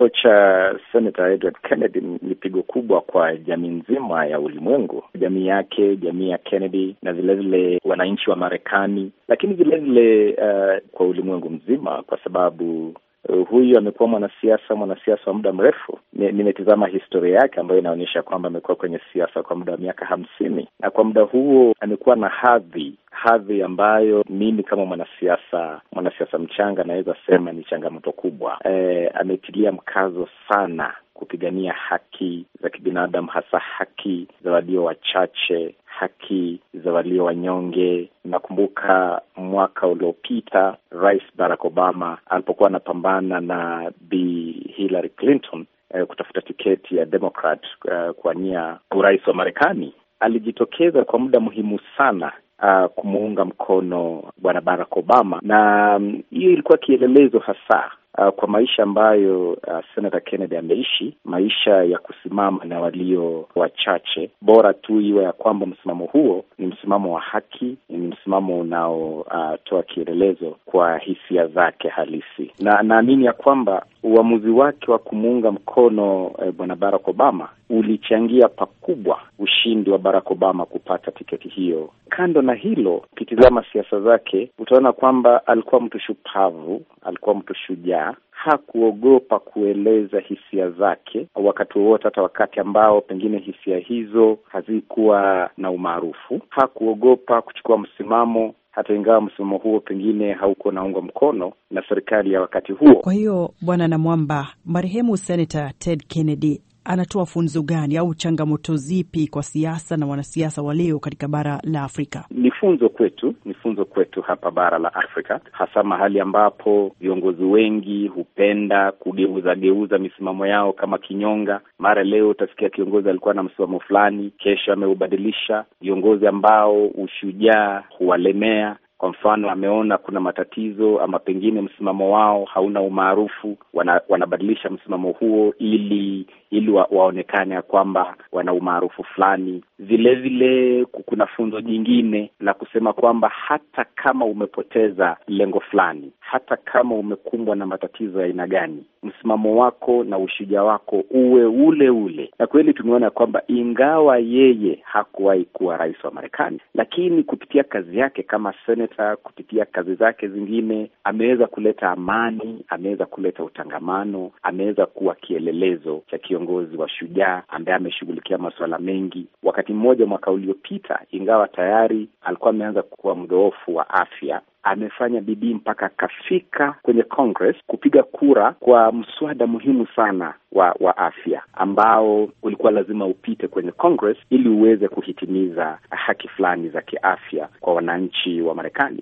Kifo cha senata Edward Kennedy ni pigo kubwa kwa jamii nzima ya ulimwengu, jamii yake, jamii ya Kennedy na vilevile wananchi wa Marekani, lakini vilevile uh, kwa ulimwengu mzima, kwa sababu uh, huyu amekuwa mwanasiasa mwanasiasa wa muda mrefu. Nimetizama historia yake ambayo inaonyesha kwamba amekuwa kwenye siasa kwa muda wa miaka hamsini, na kwa muda huo amekuwa na hadhi hadhi ambayo mimi kama mwanasiasa mwanasiasa mchanga naweza sema ni changamoto kubwa. E, ametilia mkazo sana kupigania haki za kibinadamu, hasa haki za walio wachache, haki za walio wanyonge. Nakumbuka mwaka uliopita Rais Barack Obama alipokuwa anapambana na Bi Hillary Clinton eh, kutafuta tiketi ya Democrat eh, kuwania urais wa Marekani, alijitokeza kwa muda muhimu sana Uh, kumuunga mkono bwana Barack Obama na mm, hiyo um, ilikuwa kielelezo hasa uh, kwa maisha ambayo uh, Senator Kennedy ameishi, maisha ya kusimama na walio wachache, bora tu iwe ya kwamba msimamo huo ni msimamo wa haki, ni msimamo unaotoa uh, kielelezo kwa hisia zake halisi, na naamini ya kwamba uamuzi wake wa kumuunga mkono eh, bwana Barack Obama ulichangia pakubwa ushindi wa Barack Obama kupata tiketi hiyo. Kando na hilo, ukitizama siasa zake utaona kwamba alikuwa mtu shupavu, alikuwa mtu shujaa hakuogopa kueleza hisia zake wakati wowote, hata wakati ambao pengine hisia hizo hazikuwa na umaarufu. Hakuogopa kuchukua msimamo hata ingawa msimamo huo pengine hauko naungwa mkono na serikali ya wakati huo. Kwa hiyo Bwana Namwamba, marehemu senata Ted Kennedy anatoa funzo gani au changamoto zipi kwa siasa na wanasiasa wa leo katika bara la Afrika? Ni funzo kwetu, ni funzo kwetu hapa bara la Afrika, hasa mahali ambapo viongozi wengi hupenda kugeuzageuza misimamo yao kama kinyonga. Mara leo utasikia kiongozi alikuwa na msimamo fulani, kesho ameubadilisha. Viongozi ambao ushujaa huwalemea kwa mfano, ameona kuna matatizo ama pengine msimamo wao hauna umaarufu, wana, wanabadilisha msimamo huo ili ili wa, waonekane ya kwamba wana umaarufu fulani. Vilevile kuna funzo jingine la kusema kwamba hata kama umepoteza lengo fulani, hata kama umekumbwa na matatizo ya aina gani, msimamo wako na ushija wako uwe ule ule. Na kweli tumeona kwamba ingawa yeye hakuwahi kuwa rais wa Marekani, lakini kupitia kazi yake kama senata, kupitia kazi zake zingine, ameweza kuleta amani, ameweza kuleta utangamano, ameweza kuwa kielelezo cha kiongozi wa shujaa ambaye ameshughulikia masuala mengi. Wakati mmoja mwaka uliopita, ingawa tayari alikuwa ameanza kuwa mdhoofu wa afya amefanya bidii mpaka akafika kwenye Congress kupiga kura kwa mswada muhimu sana wa wa afya ambao ulikuwa lazima upite kwenye Congress ili uweze kuhitimiza haki fulani za kiafya kwa wananchi wa Marekani.